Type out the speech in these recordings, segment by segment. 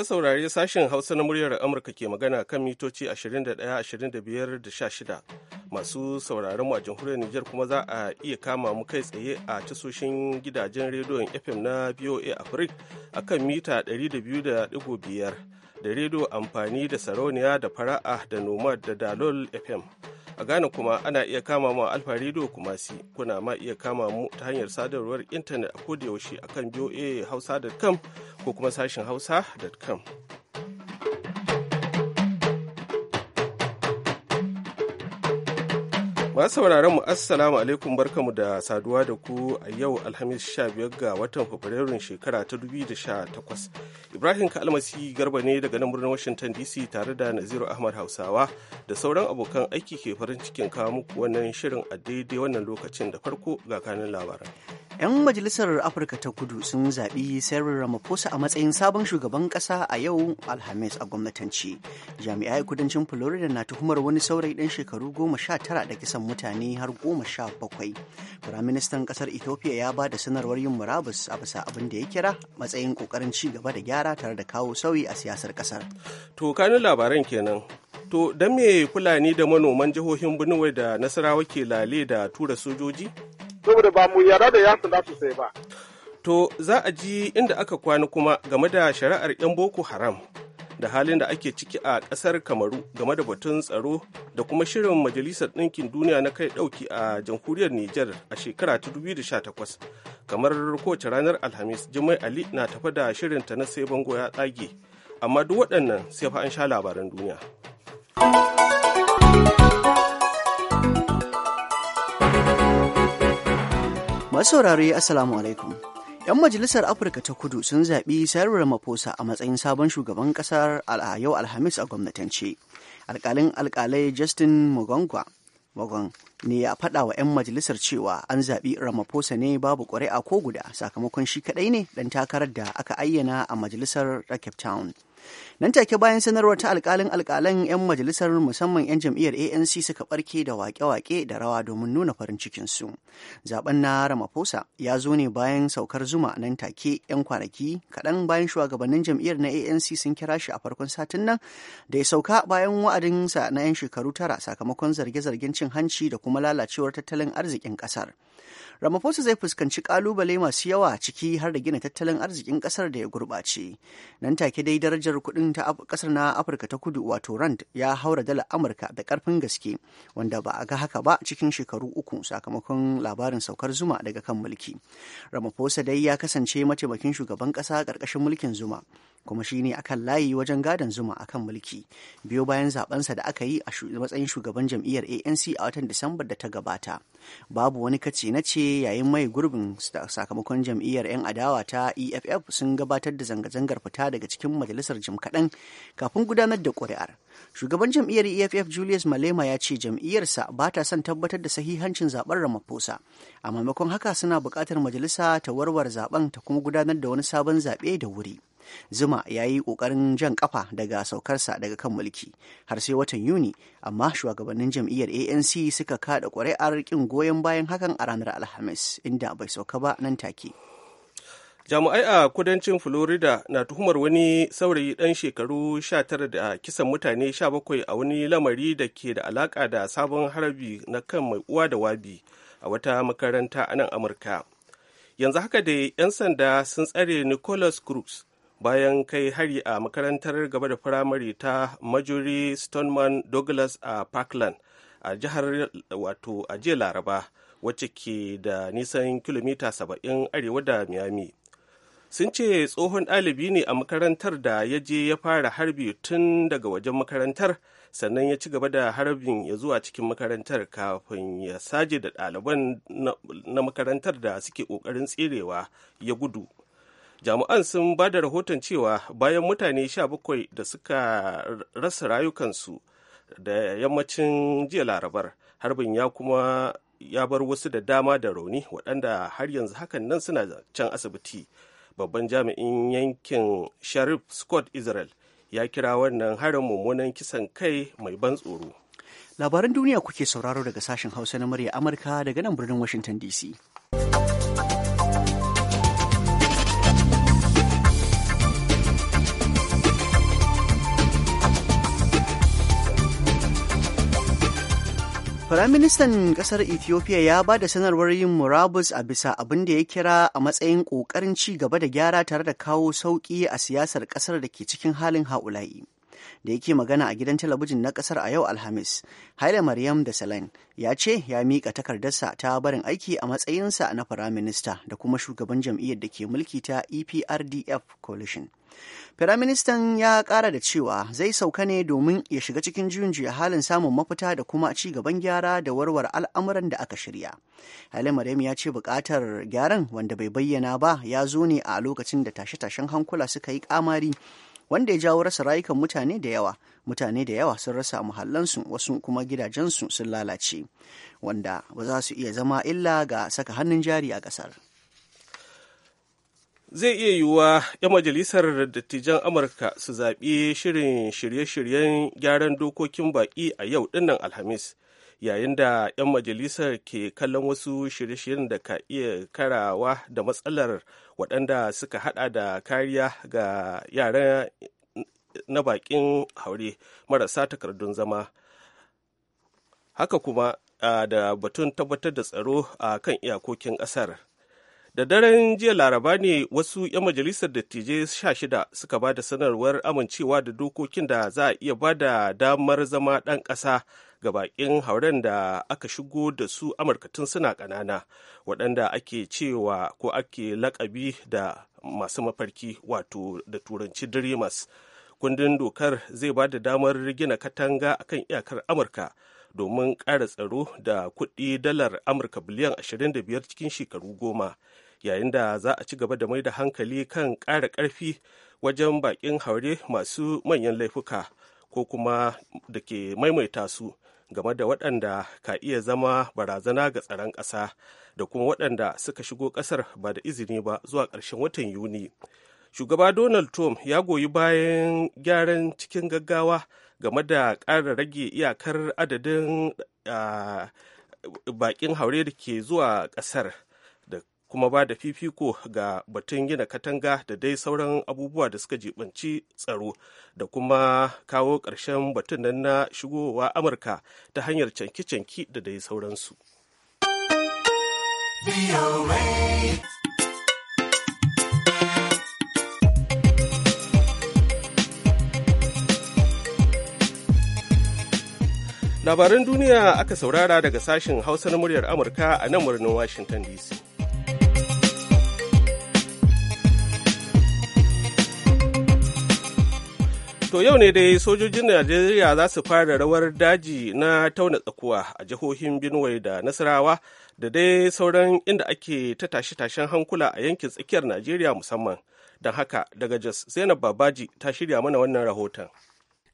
an saurari sashen Hausa na muryar Amurka ke magana kan mitoci 21, 25 da 16. Masu sauraron mu a jamhuriyar Nijar kuma za a iya kama mu kai tsaye a tasoshin gidajen rediyon FM na BOA Africa a kan mita 200.5 da rediyo amfani da sarauniya da fara'a da nomad da dalol FM. A Ghana kuma ana iya kama mu Alfa Radio kuma si kuna ma iya kama mu ta hanyar sadarwar intanet a a akan voahausa.com ko kuma sashin hausa.com. Masu sauraron mu assalamu alaikum barkamu da saduwa da ku a yau Alhamis sha 15 ga watan Fabrairun shekara ta dubi da 2018. Ibrahim Kalmasi Garba ne daga nan birnin Washington DC tare da Naziru Ahmad Hausawa da sauran abokan aiki ke farin cikin kawo muku wannan shirin a daidai wannan lokacin da farko ga kanin labaran. 'Yan majalisar Afirka ta kudu sun zaɓi Cyril Ramaphosa a matsayin sabon shugaban ƙasa a yau Alhamis a gwamnatanci. Jami'ai kudancin Florida na tuhumar wani saurayi ɗan shekaru goma sha tara da kisan mutane har goma sha bakwai. Firaministan ƙasar Ethiopia ya ba da sanarwar yin murabus a bisa abin da ya kira matsayin ƙoƙarin ci gaba da gyara tare da kawo sauyi a siyasar ƙasar. To kanin labaran kenan. To don me Fulani da manoman jihohin Benue da Nasarawa ke lale da tura sojoji? saboda ba mu yara da yasu za su sai ba. To za a ji inda aka kwana kuma game da shari'ar 'yan Boko Haram da halin da ake ciki a ƙasar Kamaru game da batun tsaro da kuma shirin Majalisar Ɗinkin Duniya na kai ɗauki a jamhuriyar Nijar a shekara ta 2018. Kamar kowace ranar Alhamis, Jimai Ali na tafa da ta na sai bango ya tsage. Amma duk waɗannan sai fa an sha labaran duniya. Masu saurare Assalamu alaikum. 'Yan majalisar Afirka ta kudu sun zaɓi Cyril Ramaphosa a matsayin sabon shugaban ƙasar yau Alhamis a gwamnatance. alkalin Alkalai Justin Mugongwa Mugong. ne ya faɗa wa 'yan majalisar cewa an zaɓi Ramaphosa ne babu ƙuri'a ko guda sakamakon shi kaɗai ne ɗan takarar da aka ayyana a majalisar Cape Town. nan take bayan sanarwar ta alkalin alkalan 'yan majalisar musamman 'yan jam'iyyar anc suka barke da wake-wake da rawa domin nuna farin cikinsu zaben na ramaphosa ya zo ne bayan saukar zuma nan take 'yan kwanaki kaɗan bayan shugabannin jam'iyyar na anc sun kira shi a farkon satin nan da ya sauka bayan wa'adin wa'adinsa na 'yan shekaru tara sakamakon zarge-zargen cin hanci da kuma lalacewar tattalin arzikin ƙasar. Ramaphosa zai fuskanci kalubale masu yawa ciki har da gina tattalin arzikin kasar da ya gurɓace. Nan take dai darajar kuɗin ta kasar na Afirka ta kudu wato rand ya haura dala Amurka da ƙarfin gaske wanda ba a ga haka ba cikin shekaru uku sakamakon labarin saukar Zuma daga kan mulki. Ramaphosa dai ya kasance mataimakin shugaban ƙasa ƙarƙashin mulkin Zuma. kuma shi ne akan layi wajen gadon zuma akan mulki biyo bayan zabensa da aka yi a matsayin shugaban jam'iyyar anc a watan disambar da ta gabata babu wani kace na ce yayin mai gurbin sakamakon jam'iyyar 'yan adawa ta eff sun gabatar da zanga-zangar fita daga cikin majalisar jim kaɗan kafin gudanar da ƙuri'ar shugaban jam'iyyar eff julius malema ya ce jam'iyyarsa ba ta son tabbatar da sahihancin zaben ramaphosa a maimakon haka suna buƙatar majalisa ta warware zaben ta kuma gudanar da wani sabon zaɓe da wuri zuma ya yi ƙoƙarin jan ƙafa daga saukarsa daga kan mulki har sai watan yuni amma shugabannin jam'iyyar anc suka kada ƙuri'ar ƙin goyon bayan hakan a ranar alhamis inda bai sauka ba nan take jami'ai a kudancin florida na tuhumar wani saurayi dan shekaru 19 da kisan mutane 17 a wani lamari da ke da alaka da sabon harabi na kan mai uwa da wabi a wata makaranta a nan amurka yanzu haka da 'yan sanda sun tsare nicholas cruz bayan kai hari a makarantar gaba da firamare ta majori stoneman douglas a parkland a jihar wato a laraba wacce ke da nisan kilomita 70 arewa da miami sun ce tsohon ɗalibi ne a makarantar da ya je ya fara harbi tun daga wajen makarantar sannan ya ci gaba da harbin ya zuwa cikin makarantar kafin ya saje da ɗaliban na makarantar da suke ƙoƙarin tserewa ya gudu jami'an sun ba da rahoton cewa bayan mutane 17 da suka rasa rayukansu da yammacin jiya larabar harbin ya kuma ya bar wasu da dama da rauni waɗanda har yanzu hakan nan suna can asibiti babban jami'in yankin sharif scott israel ya kira wannan harin mummunan kisan kai mai ban tsoro labaran duniya kuke sauraro daga sashen hausa na murya amurka daga nan birnin washington dc Firaministan ƙasar Ethiopia ya ba da sanarwar yin murabus a bisa abin da ya kira a matsayin ƙoƙarin ci gaba da gyara tare da kawo sauƙi a siyasar ƙasar da ke cikin halin haula'i. da yake magana a gidan talabijin na kasar a yau alhamis haile maryam da salain ya ce ya miƙa takardarsa ta barin aiki a matsayinsa na firaminista da kuma shugaban jam'iyyar da ke mulki ta eprdf coalition Firaministan ya ƙara da cewa zai sauka ne domin ya shiga cikin juyin juya halin samun mafita da kuma ci gaban gyara da warware al'amuran da aka shirya. Haile Maryam ya ce buƙatar gyaran wanda bai bayyana ba ya zo ne a lokacin da tashe-tashen hankula suka yi kamari wanda ya jawo rasa rayukan mutane da yawa mutane da yawa sun rasa muhallansu wasu kuma gidajensu sun lalace wanda ba za su iya zama illa ga saka hannun jari a ƙasar. zai iya yiwuwa 'yan majalisar dattijan amurka su zaɓi shirin shirye-shiryen gyaran dokokin baƙi a yau dinnan alhamis yayin da 'yan majalisar ke kallon wasu shirye-shiryen da ka iya karawa da matsalar waɗanda suka hada da kariya ga yara na bakin haure marasa takardun zama haka kuma da batun tabbatar da tsaro a kan iyakokin ƙasar da daren jiya laraba ne wasu 'yan majalisar dattijai sha shida suka ba da sanarwar amincewa da dokokin da za a iya ba da damar zama ɗan ƙasa ga baƙin hauren da aka shigo da su amurka tun suna ƙanana waɗanda ake cewa ko ake lakabi da masu mafarki wato da turanci dreamers kundin dokar zai ba da damar gina katanga akan iyakar amurka domin ƙara tsaro da kuɗi dalar amurka biliyan 25 cikin shekaru goma yayin da za a ci gaba da mai da hankali kan ƙara ƙarfi wajen baƙin haure masu manyan laifuka ko kuma da ke maimaita su game da waɗanda ka iya zama barazana ga tsaron ƙasa da kuma waɗanda suka shigo ƙasar ba da izini ba zuwa ƙarshen watan yuni shugaba donald trump ya goyi bayan gyaran cikin gaggawa game da ƙara rage iyakar adadin bakin haure da ke zuwa ƙasar da kuma ba da fifiko ga batun gina katanga da dai sauran abubuwa da suka jibanci tsaro da kuma kawo ƙarshen batun nan na shigowa amurka ta hanyar canki-canki da dai sauransu. Labaran duniya aka saurara daga sashen Hausa na muryar Amurka a nan birnin Washington DC. To yau ne dai sojojin Najeriya za su fara rawar daji na tauna tsakuwa a jihohin Benue da Nasarawa da dai sauran inda ake ta tashe-tashen hankula a yankin tsakiyar Najeriya musamman. Don haka daga Jos Zainab Babaji ta shirya mana wannan rahoton.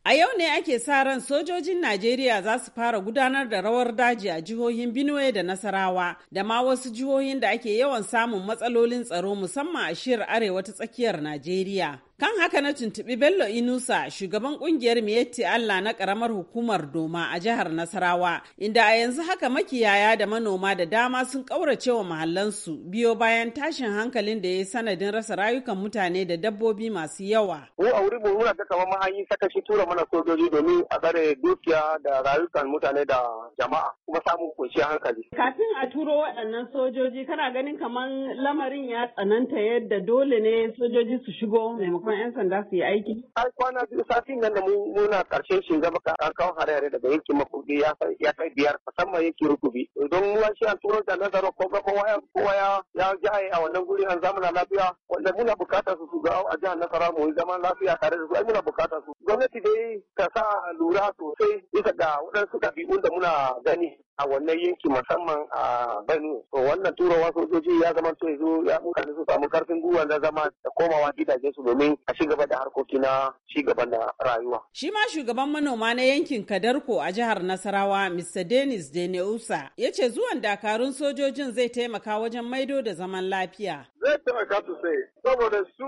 A yau ne ake sa ran sojojin Najeriya za su fara gudanar da rawar daji a jihohin Benue da Nasarawa da ma wasu jihohin da ake yawan samun matsalolin tsaro musamman a shiyar arewa ta tsakiyar Najeriya. Kan haka na tuntubi Bello Inusa shugaban kungiyar Miyetti Allah na karamar hukumar Doma a jihar Nasarawa, inda a yanzu haka makiyaya da manoma da dama sun ƙaurace wa mahallansu biyo bayan tashin hankalin da ya yi sanadin rasa rayukan mutane da dabbobi masu yawa. Mu a wuri muna ga kama ma an yi tura mana sojoji domin a tsare dukiya da rayukan mutane da jama'a kuma samun kunciyar hankali. Kafin a turo waɗannan sojoji kana ganin kamar lamarin ya tsananta yadda dole ne sojoji su shigo maimakon kuma 'yan sanda su yi aiki? Ai kwana biyu satin nan da muna karshen shiga maka ka kawo hare-hare daga yankin makogi ya kai biyar musamman yake rukubi. Don ruwan shi an turo da nazarin ko ga kowa kowa ya ya jaye a wannan guri an zamana lafiya wanda muna bukata su su ga a jihar Nasarawa mu zaman lafiya tare da su ai muna bukata su. Gwamnati dai ta sa lura sosai bisa ga waɗansu ɗabi'un da muna gani a wannan yanki musamman a Benue. To wannan turawa sojoji ya zama to yanzu ya mutane su samu karfin gwiwa da zama da komawa gidaje su domin a ci gaba da harkoki na ci gaba da rayuwa. Shi ma shugaban manoma na yankin Kadarko a jihar Nasarawa Mr. Dennis Deneusa ya ce zuwan dakarun sojojin zai taimaka wajen maido da zaman lafiya. zai taimaka sosai saboda su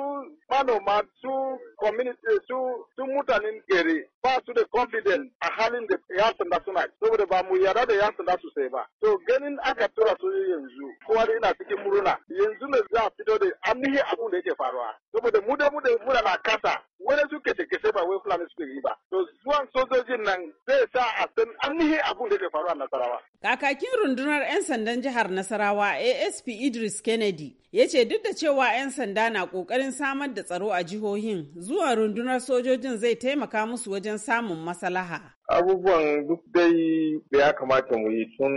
manoma su community su su mutanen gari ba su da confident a halin da ya sanda suna saboda ba mu yada da ya sanda sosai ba to ganin aka tura su yanzu kowa da ina cikin muruna yanzu ne za a fito da ainihin abun da yake faruwa saboda mu da mu da muna na kasa wani suke da kese ba wai fulani suke yi ba to zuwan sojojin nan zai sa a san ainihin abun da ke faru a nasarawa kakakin rundunar 'yan sandan jihar nasarawa asp idris kennedy ya ce duk da cewa 'yan sanda na kokarin samar da tsaro a jihohin zuwa rundunar sojojin zai taimaka musu wajen samun masalaha abubuwan duk dai da ya kamata mu yi tun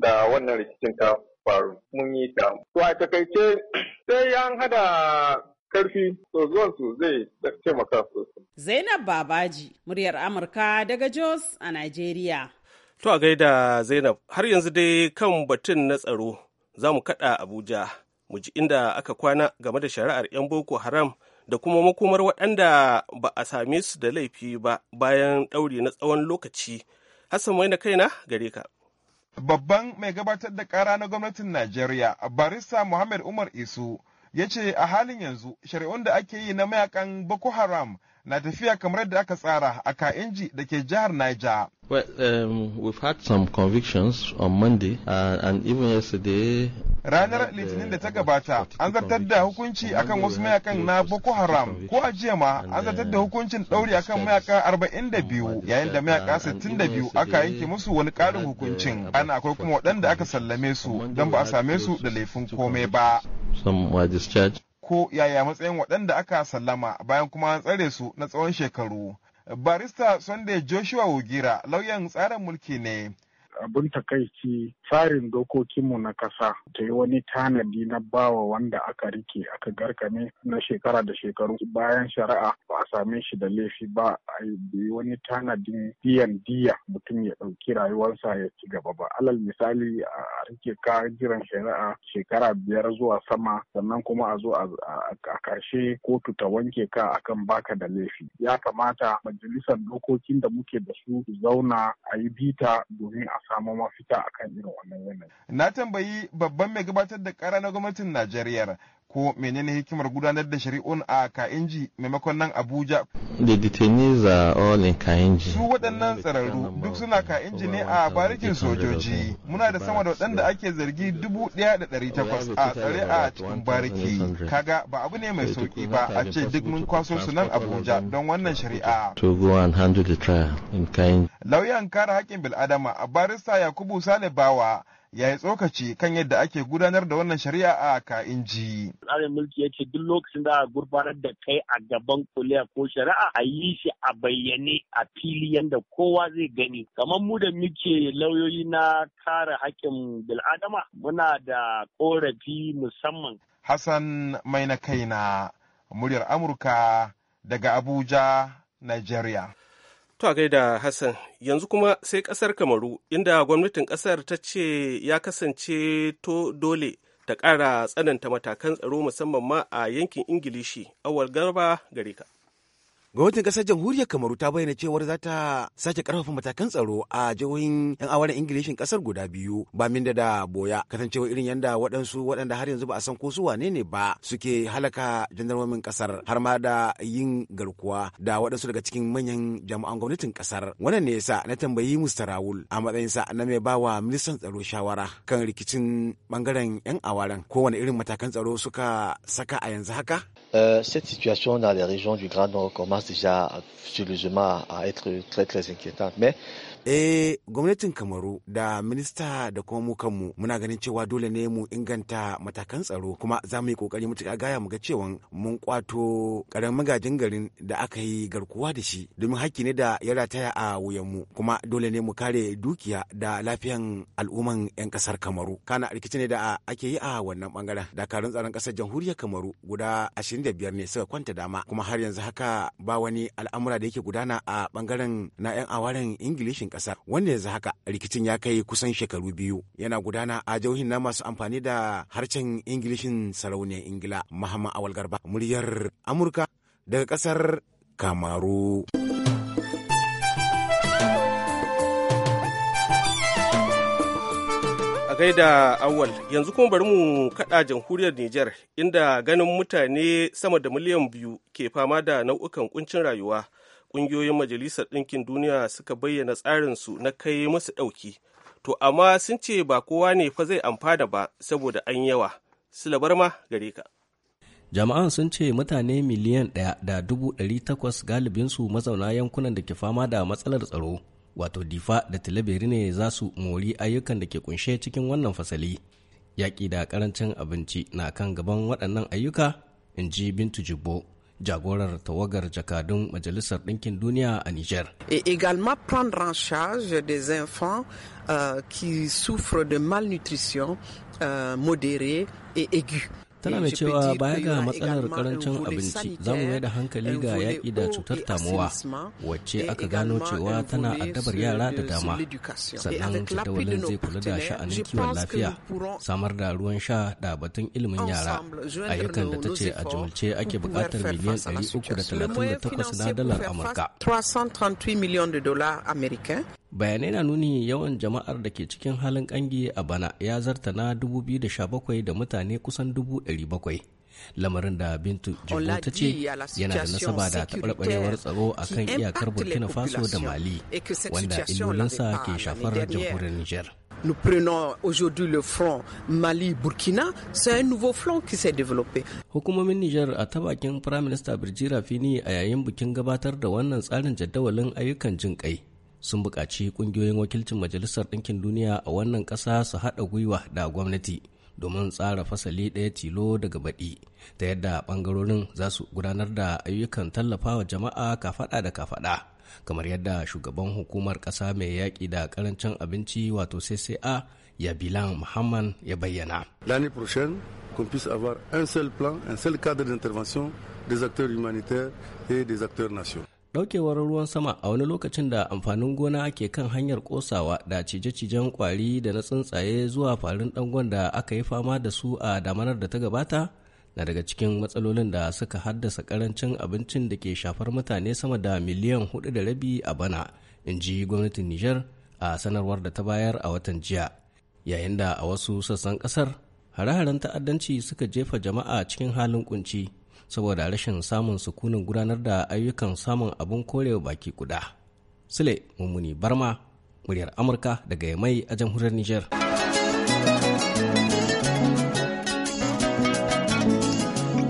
da wannan rikicin ta faru mun yi ta to a takaice sai an hada karfi to zuwan su zai taimaka sosai. Zainab Babaji, muryar Amurka daga Jos a Najeriya. To a gaida Zainab, har yanzu dai kan batun na tsaro za mu kaɗa Abuja, mu ji inda aka kwana game da shari'ar 'yan Boko Haram da kuma makomar waɗanda ba a same su da laifi ba bayan ɗauri na tsawon lokaci. Hassan mai na kaina gare ka. Babban mai gabatar da ƙara na gwamnatin Najeriya, Barista Muhammad Umar Isu, ya ce a halin yanzu shari'un da ake yi na mayakan Boko Haram na tafiya kamar yadda aka tsara a Ka'inji da ke jihar Niger. Well, um, we've had some convictions on Monday uh, and even yesterday. Ranar uh, Litinin da ta gabata an zartar da hukunci akan wasu mayakan na Boko Haram ko a jiya ma an zartar da uh, hukuncin ɗauri akan mayaka 42 yayin da mayaka 62 uh, aka yanke musu wani ƙarin hukuncin. Ana akwai kuma waɗanda aka sallame su don ba a same su da laifin komai ba. ko yaya matsayin waɗanda aka sallama bayan kuma an tsare su na tsawon shekaru. Barista Sunday Joshua Wogira lauyan tsarin mulki ne abin takaici tsarin dokokinmu na kasa ta yi wani tanadi na bawa wanda aka rike aka garkame na shekara da shekaru bayan shari'a ba a same shi da laifi ba a yi wani tanadin biyan diya mutum ya ɗauki rayuwarsa ya ci gaba ba alal misali a rike ka jiran shari'a shekara biyar zuwa sama sannan kuma a zo a karshe kotu ta wanke ka akan baka da laifi ya kamata majalisar dokokin da muke da su zauna a yi bita domin a samu mafita akan irin wannan yanayi. Na tambayi babban mai gabatar da kara na gwamnatin Najeriya ko menene hikimar gudanar da shari'un a Kainji maimakon nan Abuja. The detainees are all in Kainji. Su waɗannan tsararru duk suna Kainji ne a barikin sojoji. Muna da sama da waɗanda ake zargi dubu ɗaya da ɗari takwas a tsare a cikin bariki. Kaga ba abu ne mai sauƙi ba a ce duk mun kwaso su nan Abuja don wannan shari'a. To go and handle the trial in Kainji. Lauyan kare haƙƙin bil'adama a barista Yakubu Sale Bawa ya yi tsokaci kan yadda ake gudanar da wannan shari'a a ka'inji. Tsarin mulki ya ce duk lokacin da a gurfanar da kai a gaban kuliya ko shari'a a yi shi a bayyane a fili yadda kowa zai gani. Kamar mu da muke lauyoyi na kare haƙƙin bil'adama muna da ƙorafi musamman. Hassan mai na kaina muryar Amurka daga Abuja, Nigeria. To a gaida Hassan, yanzu kuma sai ƙasar Kamaru, inda gwamnatin ƙasar ta ce ya kasance to dole ta ƙara tsananta matakan tsaro musamman ma a yankin Ingilishi, awal garba gare ka. Gwamnatin kasar jamhuriyar Kamaru ta bayyana cewar za ta sake karfafa matakan tsaro a jihohin 'yan awaren Ingilishin kasar guda biyu ba min da da boya kasancewa irin yanda waɗansu waɗanda har yanzu ba a san ko su wane ne ba suke halaka jandarmomin kasar har ma da yin garkuwa da waɗansu daga cikin manyan jami'an gwamnatin kasar. Wannan ne yasa na tambayi Mr. Rawul a matsayinsa na mai bawa ministan tsaro shawara kan rikicin bangaren 'yan awaren kowane irin matakan tsaro suka saka a yanzu haka? Euh, cette situation dans les régions du Grand Nord commence déjà sérieusement à être très très inquiétante. Mais eh gwamnatin kamaru da minista da kuma mu kanmu muna ganin cewa dole ne mu inganta matakan tsaro kuma za mu yi kokari mutuka gaya mu ga cewa mun kwato karamin magajin garin da aka yi garkuwa da shi domin hakki ne da ya rataya a wuyan mu. kuma dole ne mu kare dukiya da lafiyan al'umman 'yan kasar kamaru kana rikici ne da ake yi a wannan bangaren dakarun tsaron kasar jamhuriyar kamaru guda 25 ne suka kwanta dama kuma har yanzu haka ba wani al'amura da yake gudana a bangaren na 'yan awaren ingilishin ƙasar wanda yanzu haka rikicin ya kai kusan shekaru biyu yana gudana a jauhin na masu amfani da harshen ingilishin sarauniyar ingila mahama awal garba muryar amurka daga ƙasar kamaru. gaida awal yanzu kuma bari mu kada jamhuriyar Nijar inda ganin mutane sama da miliyan biyu ke fama da nau'ukan kuncin rayuwa ƙungiyoyin majalisar ɗinkin duniya suka bayyana tsarinsu na kai musu ɗauki to amma sun ce ba kowa ne fa zai amfana ba saboda an yawa silabar ma gare ka jama'an sun ce mutane miliyan ɗaya da dubu ɗari takwas galibinsu mazauna yankunan da ke fama da matsalar tsaro wato difa da talabiri ne za su mori ayyukan da ke kunshe cikin wannan fasali yaƙi da ƙarancin abinci na kan gaban waɗannan ayyuka in ji bintu jibbo Et également prendre en charge des enfants euh, qui souffrent de malnutrition euh, modérée et aiguë. tana mai cewa baya ga matsalar karancin abinci za mu mai da hankali ga yaƙi da cutar tamuwa wacce aka gano cewa tana addabar yara da dama sannan jadawalin zai kula da sha'anin kiwon lafiya samar da ruwan sha da batun ilimin yara ayyukan da ta ce a jimilce ake buƙatar miliyan 338 na dalar amurka bayanai na nuni yawan jama'ar da ke cikin halin kangi a bana ya zarta na 2017 da mutane kusan 700 lamarin da bintu jibo ta ce yana da nasaba da taɓarɓarewar tsaro a kan iyakar burkina faso da mali wanda illolinsa ke shafar jamhuriyar niger Nous prenons aujourd'hui le front Mali-Burkina, c'est un nouveau front qui s'est développé. Hukumomin Niger a ta bakin Prime Minister Birjira Fini a yayin bikin gabatar da wannan tsarin jadawalin ayyukan jin kai sun buƙaci ƙungiyoyin wakilcin majalisar ɗinkin duniya a wannan ƙasa su haɗa gwiwa da gwamnati domin tsara fasali ɗaya tilo daga baɗi ta yadda ɓangarorin za su gudanar da ayyukan tallafawa jama'a kafaɗa da kafaɗa kamar yadda shugaban hukumar ƙasa mai yaƙi da ƙarancin abinci wato cca ya bilan muhammad ya bayyana l'année prochaine qu'on puisse avoir un seul plan un seul cadre d'intervention des acteurs humanitaires et des acteurs nationaux Daukewar ruwan sama a wani lokacin da amfanin gona ke kan hanyar kosawa da cije-cijen kwari da na tsuntsaye zuwa farin dangon da aka yi fama da su a damanar da ta gabata na daga cikin matsalolin da suka haddasa karancin abincin da ke shafar mutane sama da miliyan hudu da rabi a bana in ji gwamnatin Niger a sanarwar da ta bayar a watan jiya yayin da a wasu sassan kasar hare-haren ta'addanci suka jefa jama'a cikin halin kunci. saboda rashin samun sukunin gudanar da ayyukan samun abin korewa baki guda Sule Mummuni Barma, muryar Amurka daga Yamai a jamhuriyar Nijar.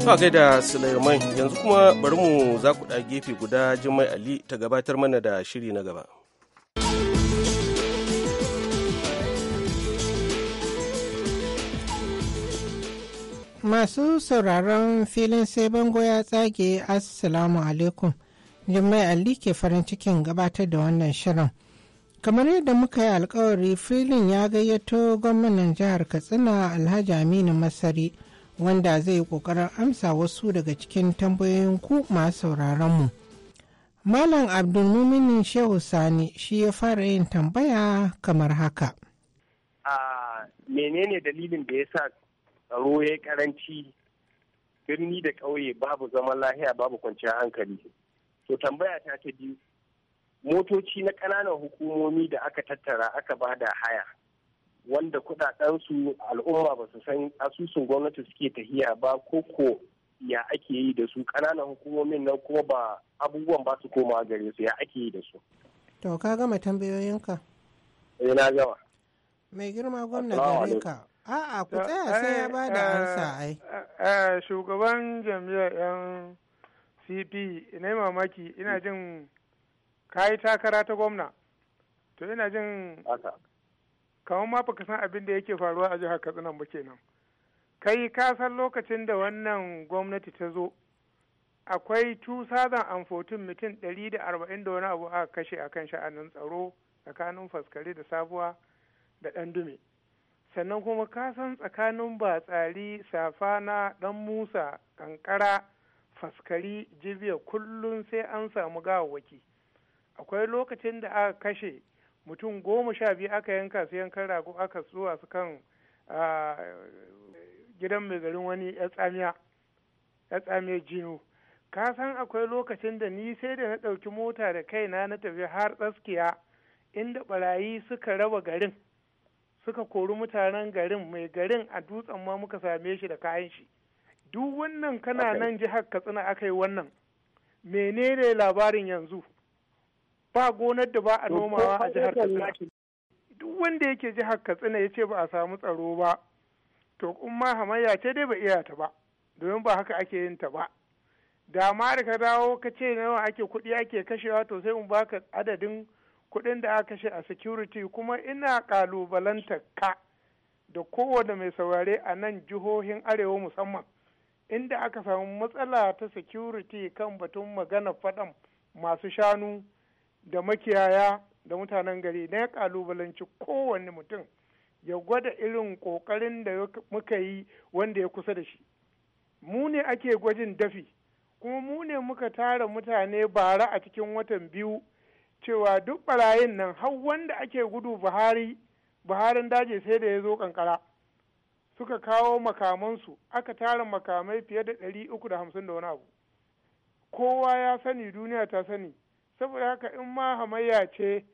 Ba gaida Sulaiman yanzu kuma bari mu za ku gefe guda Jummai Ali ta gabatar mana da shiri na gaba. Masu sauraron filin sai bango ya tsage Assalamu alaikum. jima'i Ali ke farin cikin gabatar da wannan shirin. Kamar yadda muka yi alkawari filin ya gayyato gwamnan jihar Katsina Alhaji Aminu Masari wanda zai yi kokarin amsa wasu daga cikin tambayoyin ku masu sauraronmu. Malam Abdulmuminin Shehu Sani shi ya fara yin tambaya kamar haka. menene dalilin da ya sa tsaro ya yi karanci birni da ƙauye babu zaman lahiya babu kwanciyar hankali to tambaya ta ta biyu motoci na ƙananan hukumomi da aka tattara aka ba da haya wanda kudadensu al'umma ba su san asusun gwamnati suke tahiya ba ko ko ya ake yi da su ƙananan hukumomin nan kuma ba abubuwan ba su komawa gare su ya ake yi da su to ka gama tambayoyinka ina eh, gama mai girma gwamnati ka A'a ku tsaya sai ya ba da eh, ansa ai. Eh, eh, shugaban jam'i'ar 'yan CP ina yi mamaki ina mm. jin kayi takara ta gwamna. To ina jin kamar ma baka san abin da yake faruwa a jihar Katsina ba kenan. Kai ka san lokacin da wannan gwamnati ta zo akwai 2014 mutum 140 da wani abu aka kashe akan sha'anin tsaro tsakanin faskare da sabuwa da ɗan dume. sannan kuma kasan tsakanin batsari safana dan musa kankara faskari jibiya kullum sai an samu gawawaki akwai lokacin da aka kashe mutum goma sha biyu aka yanka su yankan rago aka tsuwa su kan gidan mai garin wani ya tsamiya jino ka san akwai lokacin da ni sai da na ɗauki mota da kaina na tafi har tsaskiya inda barayi suka raba garin suka kori mutanen garin mai garin a dutsen ma muka same shi da kayan shi duk wannan kana nan jihar katsina aka yi wannan menene labarin yanzu ba gonar da ba a nomawa a jihar katsina duk wanda yake jihar katsina ya ce ba a samu tsaro ba to kuma hamayya ce dai ba iya ta ba domin ba haka ake yin ta ba da ma da ka dawo ka ce nawa ake kuɗi ake kashewa to sai in baka adadin kuɗin da aka kashe a security kuma ina ƙalubalanta ka da kowane mai saurare a nan jihohin arewa musamman inda aka samu matsala ta security kan batun magana faɗan masu shanu da makiyaya da mutanen gari na ya ƙalubalanci kowane mutum ya gwada irin ƙoƙarin da muka yi wanda ya kusa da shi mu ne ake gwajin dafi kuma mu ne muka tara mutane bara a cikin watan biyu cewa duk barayin nan har wanda ake gudu buhari buharin daji sai da ya zo kankara suka kawo makamansu aka tara makamai fiye da ɗari uku da hamsin da wani abu kowa ya sani duniya ta sani saboda haka in ma hamayya ce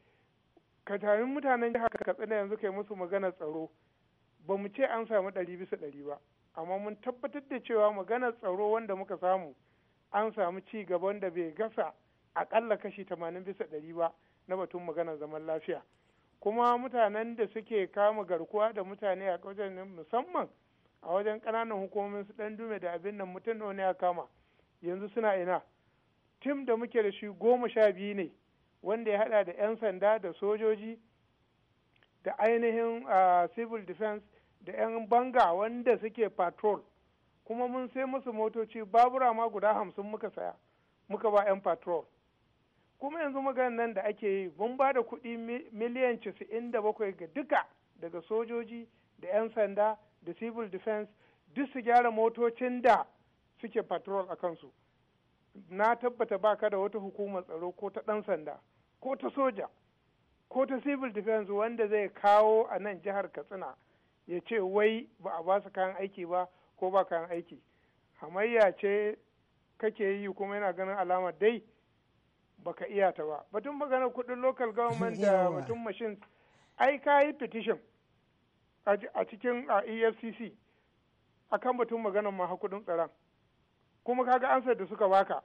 ka tami mutanen jihar ka katsina yanzu kai musu magana tsaro ba mu ce an samu ɗari bisa ɗari ba amma mun tabbatar da cewa magana tsaro wanda muka samu an samu ci gaban da bai gasa akalla kashi tamanin bisa ɗari ba na batun maganar zaman lafiya kuma mutanen da suke kama garkuwa da mutane a wajen musamman a wajen ƙananan hukumomin su ɗan dume da abin nan mutum nawa ne ya kama yanzu suna ina tim da muke da shi goma sha biyu ne wanda ya haɗa da 'yan sanda da sojoji da ainihin civil defense da 'yan banga wanda suke patrol kuma mun sai musu motoci babura ma guda hamsin muka saya muka ba 'yan patrol kuma yanzu maganan nan da ake yi mun ba da kuɗi miliyan casa'in da bakwai ga duka daga sojoji da 'yan sanda da civil defense duk su gyara motocin da suke patrol a kansu na tabbata ba ka da wata hukumar tsaro ko ta ɗan sanda ko ta soja ko ta civil defense wanda zai kawo a nan jihar katsina ya ce wai ba a ba su kayan aiki ba ko ba kayan aiki hamayya ce kake yi kuma yana ganin alamar dai baka iya ta ba batun magana kudin local government da batun machines ai ka yi petition a cikin efcc a kan batun maganar ma kudin tsaron kuma kaga ansar da suka baka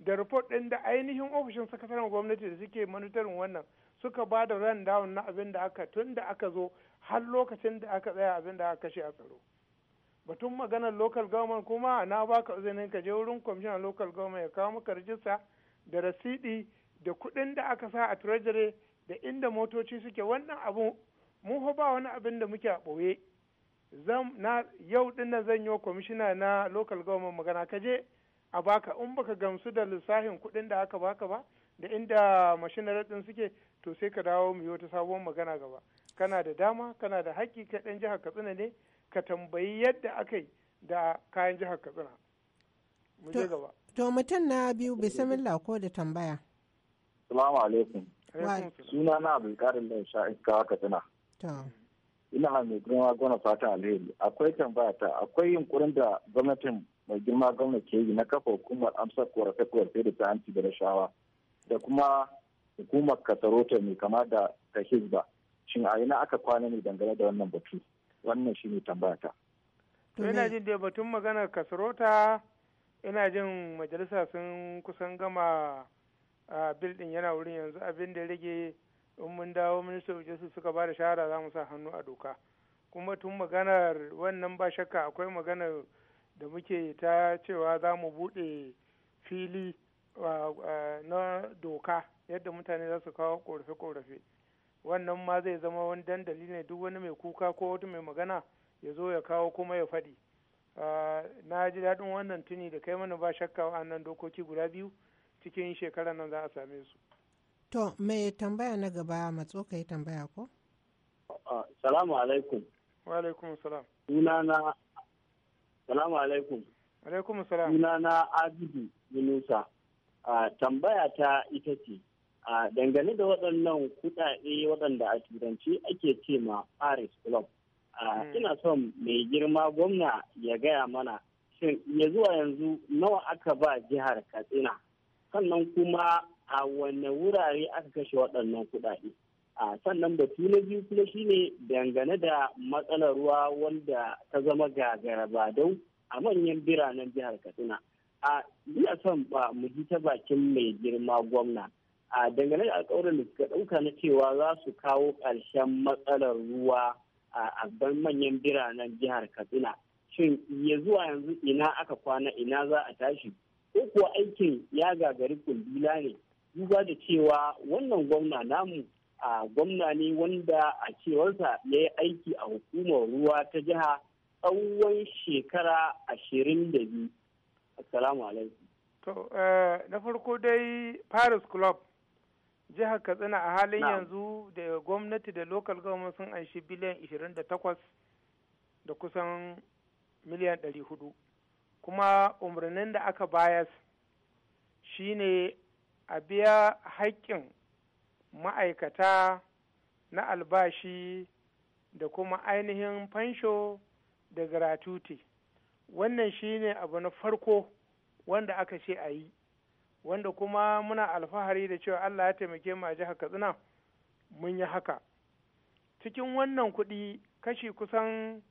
da report ɗin da ainihin ofishin sakataren gwamnati da suke monitoring wannan suka ba da ran down na abin da aka tun da aka zo har lokacin da aka tsaya abin da aka kashe a tsaro batun maganar local government kuma na baka izinin ka je wurin commissioner local government ya kawo maka rijista da rasidi da kuɗin da aka sa a treasury da inda motoci suke wannan abu mu ba wani abin da muke a ɓoye yau din na zan yi wa kwamishina na local government magana ka je a baka in baka gamsu da lissafin kuɗin da aka baka ba da inda mashinar din suke to sai ka dawo mu yi sabuwar magana gaba kana da dama kana da haƙƙi ka ɗan jihar katsina ne ka tambayi yadda aka yi da kayan jihar katsina mu gaba To mutum na biyu bisimila ko da tambaya. Salamu alaikum. Suna na Abdulkarim da sha iska Katsina. Ina mai girma gwana fata alheri. Akwai tambaya ta akwai yunkurin da gwamnatin mai girma gwamna ke yi na kafa hukumar amsar korafe-korafe da ta hanci da rashawa da kuma hukumar kasarota mai kama da ta hizba. Shin a ina aka kwana ne dangane da wannan batu? Wannan shi ne tambaya ta. To yana jin da batun maganar kasarota ina jin majalisa sun kusan gama a bildin yana wurin yanzu abin da rage in mun dawo ministan justice suka ba da shahara za mu sa hannu a doka kuma tun maganar wannan ba shakka akwai maganar da muke ta cewa za mu buɗe fili na doka yadda mutane za su kawo korafe-korafe wannan ma zai zama wani dandali ne duk wani mai kuka ko wata mai magana ya zo ya kawo kuma ya faɗi Ah, na ji daɗin wannan tuni da kai mana ba shakka wa'annan dokoki guda biyu cikin shekarar nan za a same su. To, mai tambaya na gaba matso ka yi tambaya ko? Ah, salamu alaikum. Wa alaikum salam. Sunana Salamu alaikum. Alaikum salam. Sunana Abidu Yunusa. Ah, tambaya ta ita ce, dangane da waɗannan kuɗaɗe waɗanda a turanci ake ce ma Paris Club. Hmm. ina son mai girma gwamna ya gaya mana shin ya zuwa yanzu nawa aka ba jihar katsina sannan kuma a wane wurare aka kashe waɗannan kuɗaɗe a sannan batu na biyu kuma shine dangane da matsalar ruwa wanda ta zama gagara dau a manyan biranen jihar katsina a ina son ba mu ji ta bakin mai girma gwamna a dangane da alkawarin da suka ɗauka na cewa za su kawo ƙarshen matsalar ruwa a manyan biranen jihar katsina shin ya zuwa yanzu ina aka kwana ina za a tashi ko kuwa aikin ya gagari kundila ne duba da cewa wannan gwamna namu a gwamna ne wanda a cewarsa ya yi aiki a hukumar ruwa ta jiha tsawon shekara ashirin da biyu assalamu alaikum to eh, na farko dai paris club jihar katsina a halin yanzu da gwamnati da local government sun anshi biliyan 28 da kusan miliyan 400 kuma umarnin da aka bayas shine a biya haƙƙin ma'aikata na albashi da kuma ainihin fansho da gratuity wannan shine abu na farko wanda aka ce a yi wanda kuma muna alfahari da cewa Allah ya taimake mu a jihar Katsina mun yi haka cikin wannan kuɗi kashi kusan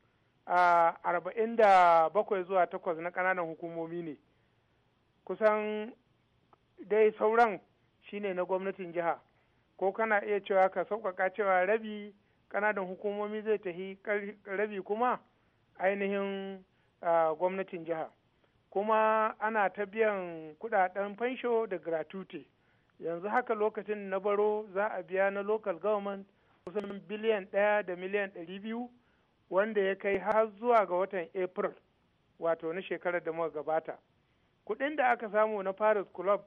arba'in da bakwai zuwa takwas na ƙananan hukumomi ne kusan dai sauran shine na gwamnatin jiha ko kana iya cewa ka sauƙaƙa cewa rabi ƙananan hukumomi zai tafi rabi kuma ainihin gwamnatin jiha kuma ana ta biyan kudaden fansho da gratuity yanzu haka lokacin na baro za a biya na local government kusan biliyan ɗaya da miliyan ɗari biyu wanda ya kai har zuwa ga watan april wato na shekarar da muka gabata kuɗin da aka samu na paris club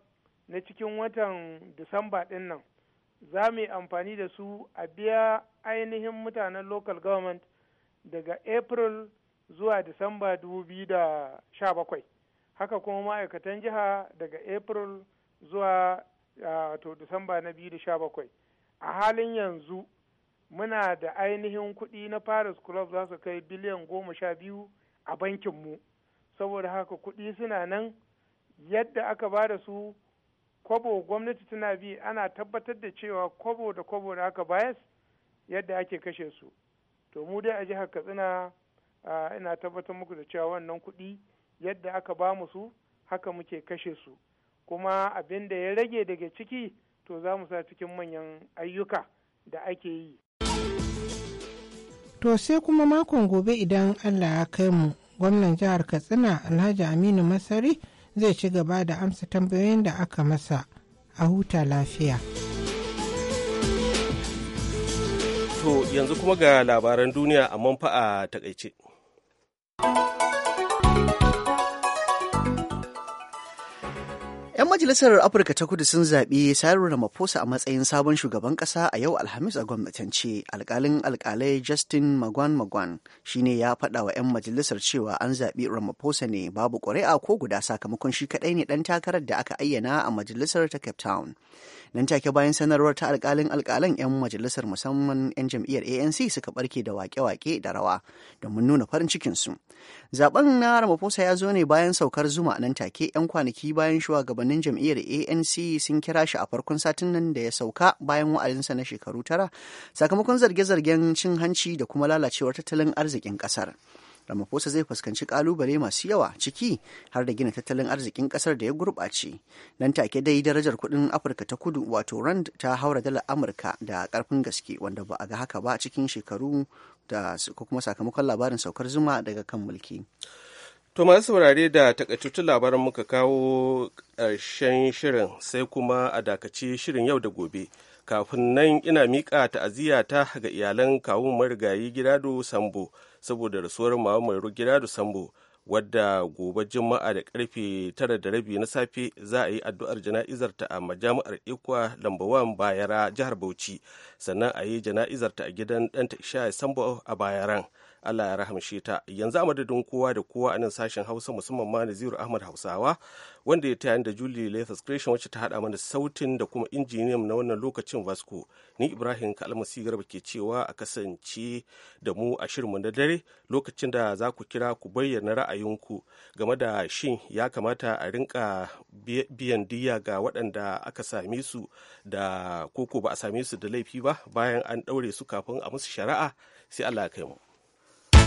na cikin watan disamba din nan za mu yi amfani da su a biya ainihin mutanen local government daga april zuwa disamba 2017 haka kuma ma'aikatan jiha daga april zuwa to disamba na biyu da sha bakwai a halin yanzu muna da ainihin kuɗi na paris club za su kai biliyan goma sha biyu a bankinmu saboda haka kuɗi suna nan yadda aka ba da su kwabo gwamnati tana bi ana tabbatar da cewa kwabo da kwabo da aka bayas yadda ake kashe su to mu dai a jihar katsina ina tabbatar muku da cewa wannan kuɗi yadda aka ba mu su haka muke kashe su kuma abin da ya rage daga ciki to za mu sa cikin manyan ayyuka da ake yi to sai kuma makon gobe idan allah ya kai mu gwamnan jihar katsina alhaji aminu masari zai ci gaba da amsa tambayoyin da aka masa a huta lafiya to yanzu kuma ga labaran duniya a fa a takaice 'Yan majalisar Afirka ta kudu sun zaɓi Cyril Ramaphosa a matsayin sabon shugaban ƙasa a yau Alhamis a gwamnatance. Alƙalin alƙalai Justin Magwan Magwan shi ne ya faɗa wa 'yan majalisar cewa an zaɓi Ramaphosa ne babu ƙuri'a ko guda sakamakon shi kaɗai ne ɗan takarar da aka ayyana a majalisar ta Cape Town. nan take bayan sanarwar ta alkalin alkalan 'yan majalisar musamman 'yan jam'iyyar anc suka barke da wake-wake da rawa domin nuna farin cikinsu zaben na ramaphosa ya zo ne bayan saukar zuma nan take 'yan kwanaki bayan shugabannin jam'iyyar anc sun kira shi a farkon satin nan da ya sauka bayan wa'adinsa na shekaru tara sakamakon zarge-zargen cin hanci da kuma lalacewar tattalin arzikin kasar. Ramaphosa zai fuskanci kalubale masu yawa ciki har da gina tattalin arzikin kasar da ya gurɓace. Nan take dai darajar kuɗin Afirka ta kudu wato rand ta haura dalar Amurka da ƙarfin gaske wanda ba a ga haka ba cikin shekaru da kuma sakamakon labarin saukar zuma daga kan mulki. To masu saurare da takaitattun labaran muka kawo ƙarshen shirin sai kuma a dakace shirin yau da gobe. Kafin nan ina miƙa ta'aziyya ta ga iyalan kawun marigayi Gidado Sambo saboda rasuwar Muhammad gida da Sambo wadda gobe Juma'a da karfe tara da rabi na safe za a yi addu'ar jana'izar ta a majami'ar Ikwa Lambawan Bayara jihar Bauchi sannan a yi jana'izar ta a gidan danta Isha Sambo a Bayaran. Allah ya rahamshe ta yanzu a madadin kowa da kowa a nan sashen Hausa musamman ma Nazir Ahmad Hausawa wanda ya tayar da Julie Lathas Creation wacce ta hada mana sautin da kuma injiniyan na wannan lokacin Vasco ni Ibrahim Kalmasi Garba ke cewa a kasance da mu a shirinmu na dare lokacin da za ku kira ku bayyana ra'ayinku game da shin ya kamata a rinka biyan diya ga waɗanda aka same su da koko ba a same su da laifi ba bayan an ɗaure su kafin a musu shari'a sai Allah ya kai mu